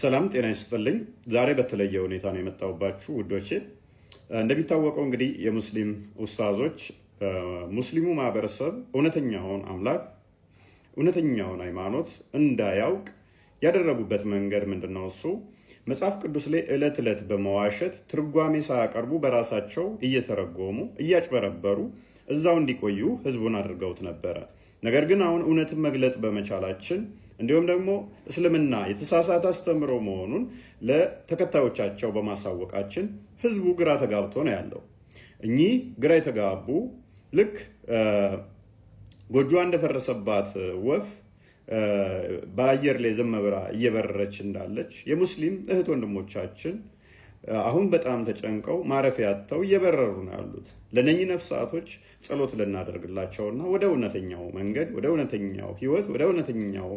ሰላም ጤና ይስጥልኝ። ዛሬ በተለየ ሁኔታ ነው የመጣሁባችሁ ውዶቼ። እንደሚታወቀው እንግዲህ የሙስሊም ኡስታዞች ሙስሊሙ ማህበረሰብ እውነተኛውን አምላክ እውነተኛውን ሃይማኖት እንዳያውቅ ያደረጉበት መንገድ ምንድን ነው? እሱ መጽሐፍ ቅዱስ ላይ ዕለት ዕለት በመዋሸት ትርጓሜ ሳያቀርቡ በራሳቸው እየተረጎሙ እያጭበረበሩ እዛው እንዲቆዩ ህዝቡን አድርገውት ነበረ። ነገር ግን አሁን እውነትን መግለጥ በመቻላችን እንዲሁም ደግሞ እስልምና የተሳሳተ አስተምሮ መሆኑን ለተከታዮቻቸው በማሳወቃችን ህዝቡ ግራ ተጋብቶ ነው ያለው። እኚህ ግራ የተጋቡ ልክ ጎጆዋ እንደፈረሰባት ወፍ በአየር ላይ ዘመብራ እየበረረች እንዳለች የሙስሊም እህት ወንድሞቻችን አሁን በጣም ተጨንቀው ማረፊያ አጥተው እየበረሩ ነው ያሉት። ለነኚህ ነፍሳቶች ጸሎት ልናደርግላቸውና ወደ እውነተኛው መንገድ፣ ወደ እውነተኛው ህይወት፣ ወደ እውነተኛው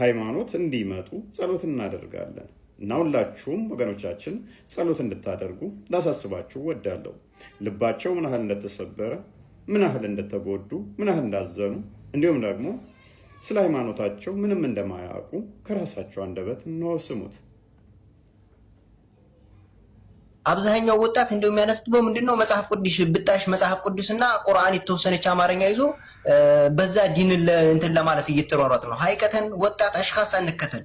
ሃይማኖት እንዲመጡ ጸሎት እናደርጋለን እና ሁላችሁም ወገኖቻችን ጸሎት እንድታደርጉ ላሳስባችሁ ወዳለሁ። ልባቸው ምን ያህል እንደተሰበረ፣ ምን ያህል እንደተጎዱ፣ ምን ያህል እንዳዘኑ እንዲሁም ደግሞ ስለ ሃይማኖታቸው ምንም እንደማያውቁ ከራሳቸው አንደበት እንወስሙት። አብዛኛው ወጣት እንደው የሚያነፍጥበው ምንድነው መጽሐፍ ቅዱስ ብጣሽ መጽሐፍ ቅዱስና ቁርአን የተወሰነች አማርኛ ይዞ በዛ ዲን እንትን ለማለት እየተሯሯጥ ነው። ሀይቀተን ወጣት አሽካስ አንከተል።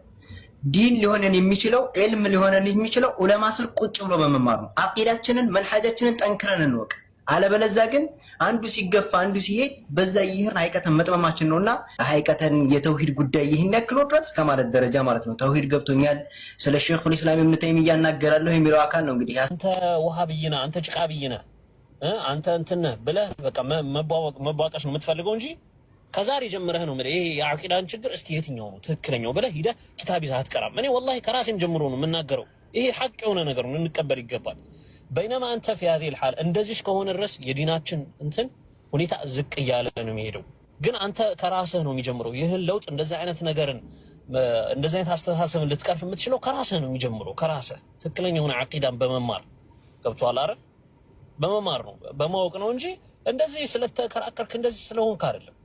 ዲን ሊሆነን የሚችለው ልም ሊሆነን የሚችለው ዑለማ ስር ቁጭ ብሎ በመማር ነው። አቂዳችንን መንሐጃችንን ጠንክረን እንወቅ። አለበለዛ ግን አንዱ ሲገፋ አንዱ ሲሄድ በዛ ይህን ሀይቀተን መጥመማችን ነው እና ሀይቀተን የተውሂድ ጉዳይ ይህን ያክል እስከ ማለት ደረጃ ማለት ነው። ተውሂድ ገብቶኛል፣ ስለ ሼኹል ኢስላም ኢብኑ ተይሚያ እያናገራለሁ የሚለው አካል ነው እንግዲህ አንተ ውሃ ብይና አንተ ጭቃ ብይና አንተ እንትነ ብለህ በቃ መቧቀስ ነው የምትፈልገው እንጂ ከዛሬ ጀምረህ ነው ይሄ የአቂዳን ችግር እስቲ የትኛው ነው ትክክለኛው ብለህ ሂደህ ኪታብ ይዘህ አትቀራም። እኔ ወላሂ ከራሴም ጀምሮ ነው የምናገረው። ይሄ ሀቅ የሆነ ነገር ነው፣ ልንቀበል ይገባል። በይነማ አንተ ፊ ሀዚሂል እንደዚህ ከሆነ ድረስ የዲናችን እንትን ሁኔታ ዝቅ እያለ ነው የሚሄደው። ግን አንተ ከራስህ ነው የሚጀምረው ይህን ለውጥ እንደዚህ አይነት ነገርን እንደዚህ አይነት አስተሳሰብን ልትቀርፍ የምትችለው ከራስህ ነው የሚጀምረው። ከራስህ ትክክለኛ አቂዳን በመማር ገብቶሃል አይደል? በመማር ነው በማወቅ ነው እንጂ እንደዚህ ስለተከራከርክ እንደዚህ ስለሆንክ አይደለም።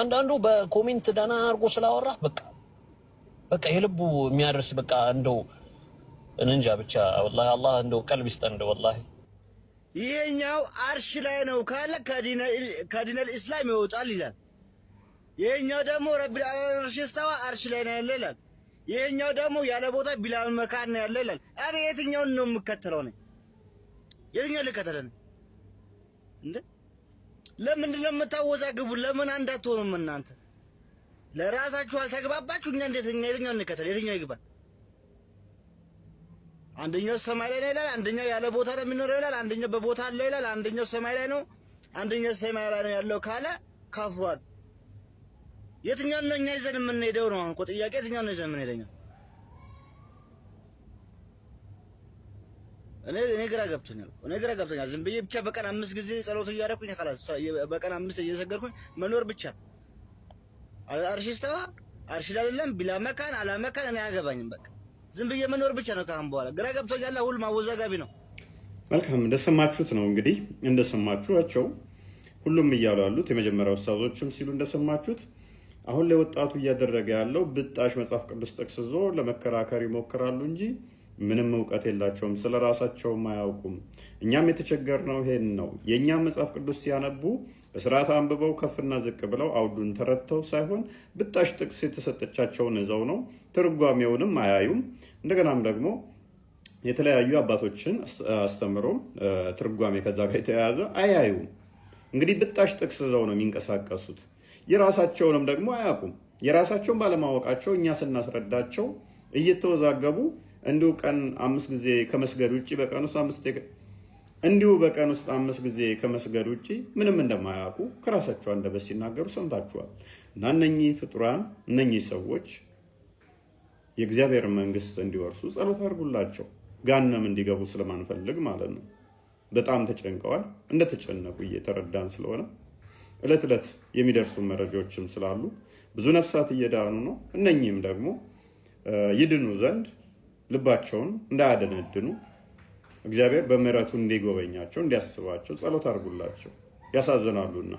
አንዳንዱ በኮሜንት ደህና አድርጎ ስላወራህ በቃ በቃ የልቡ የሚያደርስ በቃ እንደው እንጃ ብቻ ወላሂ አላህ እንደው ቀልብ ይስጠን። እንደው ወላሂ ይሄኛው አርሽ ላይ ነው ካለ ከዲነል ኢስላም ይወጣል ይላል። ይሄኛው ደግሞ ረቢል አርሽ ስተዋ አርሽ ላይ ነው ያለ ይላል። ይሄኛው ደግሞ ያለ ቦታ ቢላል መካን ነው ያለ ይላል። አረ የትኛውን ነው የምከተለው? ነው የትኛው ልከተለ ነው እንዴ? ለምን ነው የምታወዛግቡ? ለምን አንዳትሆኑም እናንተ? ለራሳችሁ አልተግባባችሁ። እኛ እንዴት እኛ የትኛውን እንከተል? የትኛው ይግባል? አንደኛው ሰማይ ላይ ነው ይላል፣ አንደኛው ያለ ቦታ ላይ የሚኖረው ይላል፣ አንደኛው በቦታ አለው ይላል፣ አንደኛው ሰማይ ላይ ነው፣ አንደኛው ሰማይ ላይ ነው ያለው ካለ ካፍሯል። የትኛው ነው እኛ ይዘን የምንሄደው ነው አሁን እኮ ጥያቄ። የትኛው ነው ይዘን የምንሄደው? እኔ እኔ ግራ ገብቶኛል። እኔ ግራ ገብቶኛል። ዝም ብዬ ብቻ በቀን አምስት ጊዜ ጸሎት እያደረኩኝ ኸላስ በቀን አምስት እየሰገድኩኝ መኖር ብቻ አርሺ ስተዋ አርሺ ቢላ መካን አላ መካን እኔ አያገባኝም በቃ ዝም ብዬ መኖር ብቻ ነው ካሁን በኋላ። ግራ ገብቶኛል። ሁሉም አወዛጋቢ ነው። መልካም እንደሰማችሁት ነው እንግዲህ እንደሰማችኋቸው ሁሉም እያሉ ያሉት የመጀመሪያ ውሳዞችም ሲሉ እንደሰማችሁት አሁን ላይ ወጣቱ እያደረገ ያለው ብጣሽ መጽሐፍ ቅዱስ ጠቅስዞ ለመከራከር ይሞክራሉ እንጂ ምንም እውቀት የላቸውም፣ ስለ ራሳቸውም አያውቁም። እኛም የተቸገርነው ይሄን ነው። የእኛ መጽሐፍ ቅዱስ ሲያነቡ በስርዓት አንብበው ከፍና ዝቅ ብለው አውዱን ተረድተው ሳይሆን ብጣሽ ጥቅስ የተሰጠቻቸውን እዘው ነው። ትርጓሜውንም አያዩም። እንደገናም ደግሞ የተለያዩ አባቶችን አስተምሮ ትርጓሜ ከዛ ጋር የተያያዘ አያዩም። እንግዲህ ብጣሽ ጥቅስ ዘው ነው የሚንቀሳቀሱት። የራሳቸውንም ደግሞ አያውቁም። የራሳቸውን ባለማወቃቸው እኛ ስናስረዳቸው እየተወዛገቡ እንዲሁ ቀን አምስት ጊዜ ከመስገድ ውጭ በቀን ውስጥ አምስት እንዲሁ በቀን ውስጥ አምስት ጊዜ ከመስገድ ውጭ ምንም እንደማያውቁ ከራሳቸው አንደበት ሲናገሩ ሰምታችኋል። እና እነኚህ ፍጡራን እነኚህ ሰዎች የእግዚአብሔር መንግስት እንዲወርሱ ጸሎት አድርጉላቸው። ጋነም እንዲገቡ ስለማንፈልግ ማለት ነው። በጣም ተጨንቀዋል። እንደተጨነቁ እየተረዳን ስለሆነ እለት ዕለት የሚደርሱ መረጃዎችም ስላሉ ብዙ ነፍሳት እየዳኑ ነው። እነኚህም ደግሞ ይድኑ ዘንድ ልባቸውን እንዳያደነድኑ እግዚአብሔር በምሕረቱ እንዲጎበኛቸው እንዲያስባቸው ጸሎት አድርጉላቸው፣ ያሳዝናሉና።